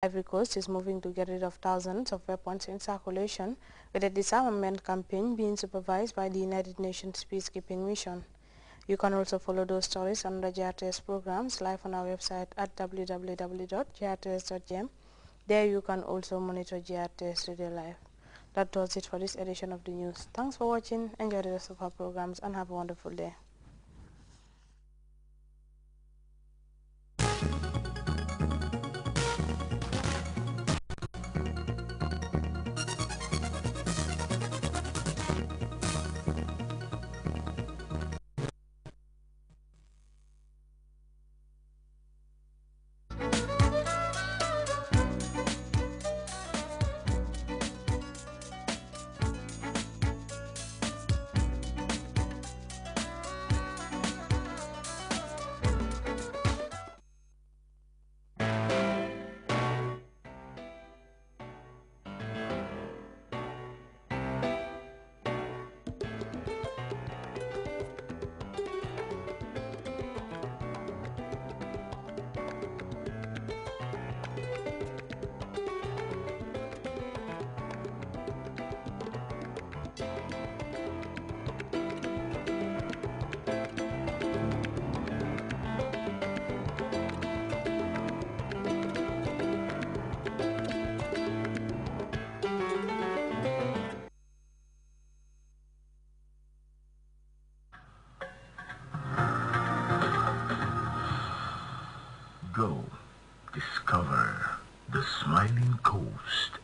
Ivory Coast is moving to get rid of thousands of weapons in circulation, with a disarmament campaign being supervised by the United Nations Peacekeeping Mission. You can also follow those stories and the GRTS programs live on our website at www.grts.gm. There you can also monitor GRTS Radio Live. That does it for this edition of the news. Thanks for watching, enjoy the rest of our programs, and have a wonderful day. discover the smiling coast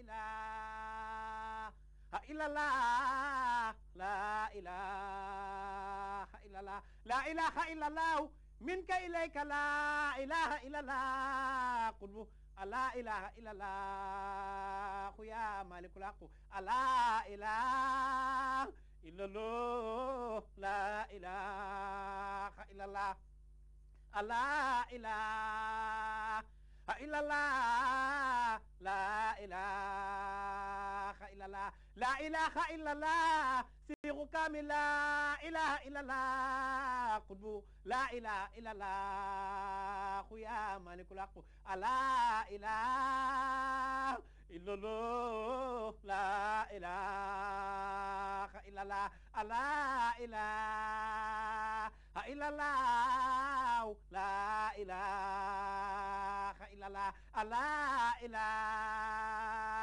إله إلا الله لا إله إلا الله لا إله إلا الله منك إليك لا إله إلا الله قلبه لا إله إلا الله يا مالك الحق لا إله إلا الله لا إله إلا الله لا إله إلا الله لا إله لا لا إله إلا الله سيغ كامل لا إله إلا الله قطب لا إله إلا الله يا مالك الحق لا إله إلا الله لا إله إلا الله لا إله إلا الله لا إله إلا الله لا إله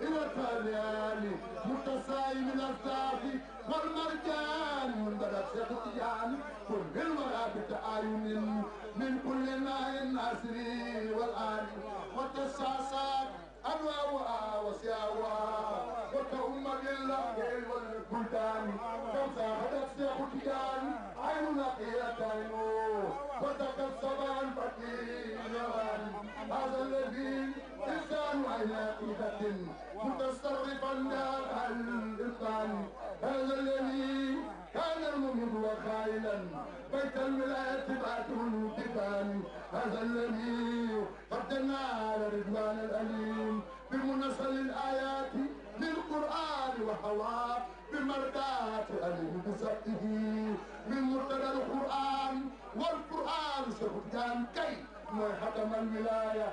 إلى الفلال متسائم الأرزاق والمرجان وانبدت شخصيان كل المرابط أعين من كل ماء الناصري والآن وتسائم هذا الذي كان الممد وخائلا بيت الولاية بعده الجبال هذا الذي قدمنا على رضوان الأليم بمنصل الآيات للقرآن وحواه بمركات أليم بسبته من مرتدى القرآن والقرآن سخدان كي ما ختم الولايه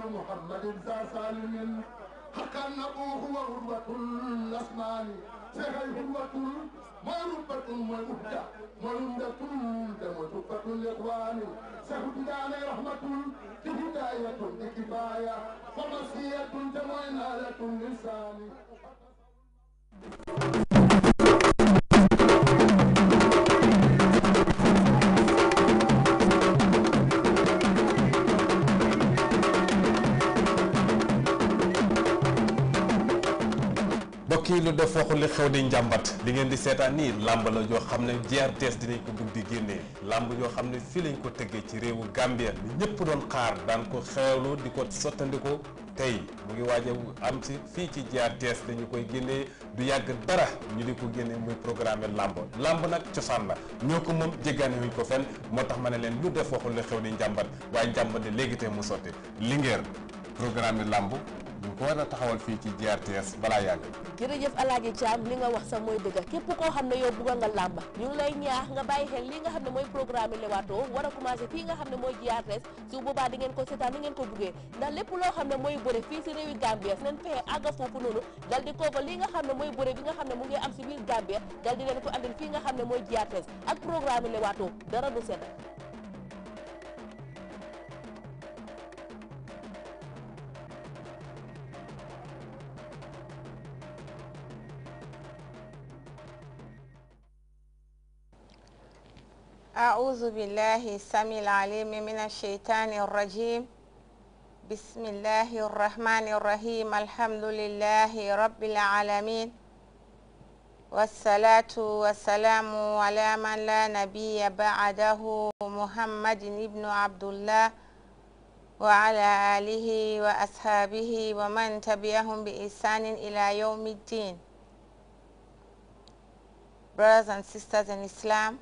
دين محمد ذا سالم حقا نبوه وغربة الأصنام سهل هو كل هوة مربة ومهدة مرندة وتفة الإخوان دعنا رحمة بهداية بكفاية ومسيئة جمع نالة لسان kii lu def waxul li xew di njàmbat li ngeen di seetaan nii làmb la joo xam ne GRTS dinañ ko dugg di génnee làmb yoo xam ne fii lañ ko tëggee ci réewu Gambia lu ñëpp doon xaar daan ko xeewlu di ko sottandiko tey mu ngi waaj a am si fii ci GRTS dañu koy génnee du yàgg dara ñu di ko génnee muy programme làmb làmb nag cosaan la ñoo ko moom jéggaane wuñ ko fenn moo tax ma ne leen lu def waxul li xew di njàmbat waaye njàmbat de léegi tey mu sotti Linguère programme làmb ñu ko war a taxawal fii ci GRTS balaa yàgg jërëjëf Alaaji Thiam li nga wax sax mooy dëgg képp koo xam ne yow bugga nga làmba ñu ngi lay ñaax nga bàyyi xel li nga xam ne mooy programme Leewtoo war a commencé fii nga xam ne mooy GRTS su boobaa di ngeen ko seetaan ni ngeen ko buggee ndax lépp loo xam ne mooy bëre fii si réewi Gambia neen fexe àgga foofu noonu dal di li nga xam ne mooy bëre bi nga xam ne mu ngi am si biir Gambia dal xam ne mooy GRTS ak programme Leewtoo dara du set أعوذ بالله السميع العليم من الشيطان الرجيم بسم الله الرحمن الرحيم الحمد لله رب العالمين والصلاة والسلام على من لا نبي بعده محمد بن عبد الله وعلى آله وأصحابه ومن تبعهم بإحسان إلى يوم الدين Brothers and sisters in Islam,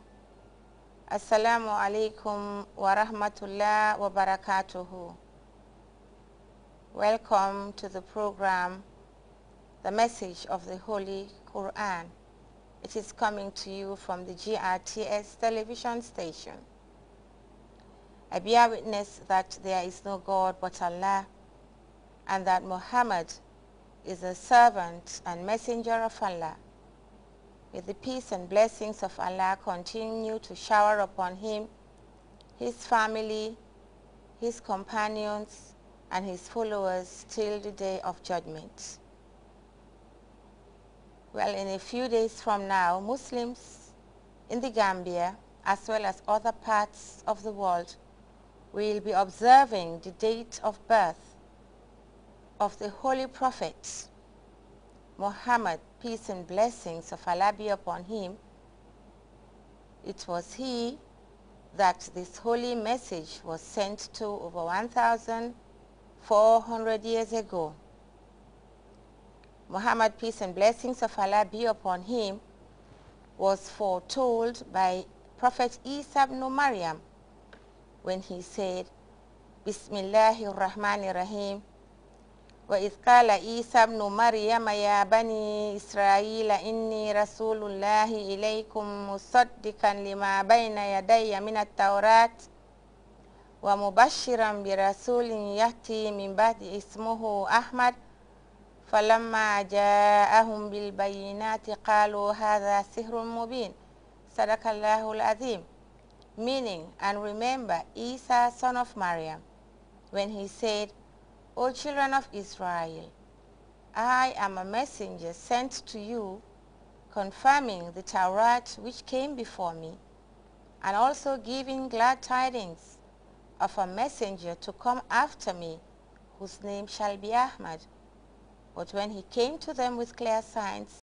Assalamu alaikum wa rahmatullah wa barakatuhu. Welcome to the program, The Message of the Holy Quran. It is coming to you from the GRTS television station. I bear witness that there is no God but Allah and that Muhammad is a servant and messenger of Allah. May the peace and blessings of Allah continue to shower upon him, his family, his companions, and his followers till the day of judgment. Well, in a few days from now, Muslims in the Gambia, as well as other parts of the world, will be observing the date of birth of the Holy Prophet Muhammad, peace and blessings of Allah be upon him, it was he that this holy message was sent to over 1,400 years ago. Muhammad, peace and blessings of Allah be upon him, was foretold by Prophet Isa ibn Maryam when he said, Bismillahir Rahmanir Rahim, وإذ قال عيسى ابن مريم يا بني إسرائيل إني رسول الله إليكم مصدقا لما بين يدي من التوراة ومبشرا برسول يأتي من بعد اسمه أحمد فلما جاءهم بالبينات قالوا هذا سحر مبين صدق الله العظيم meaning and remember Isa son of Maryam when he said O children of Israel, I am a messenger sent to you, confirming the Torah which came before me, and also giving glad tidings of a messenger to come after me, whose name shall be Ahmad. But when he came to them with clear signs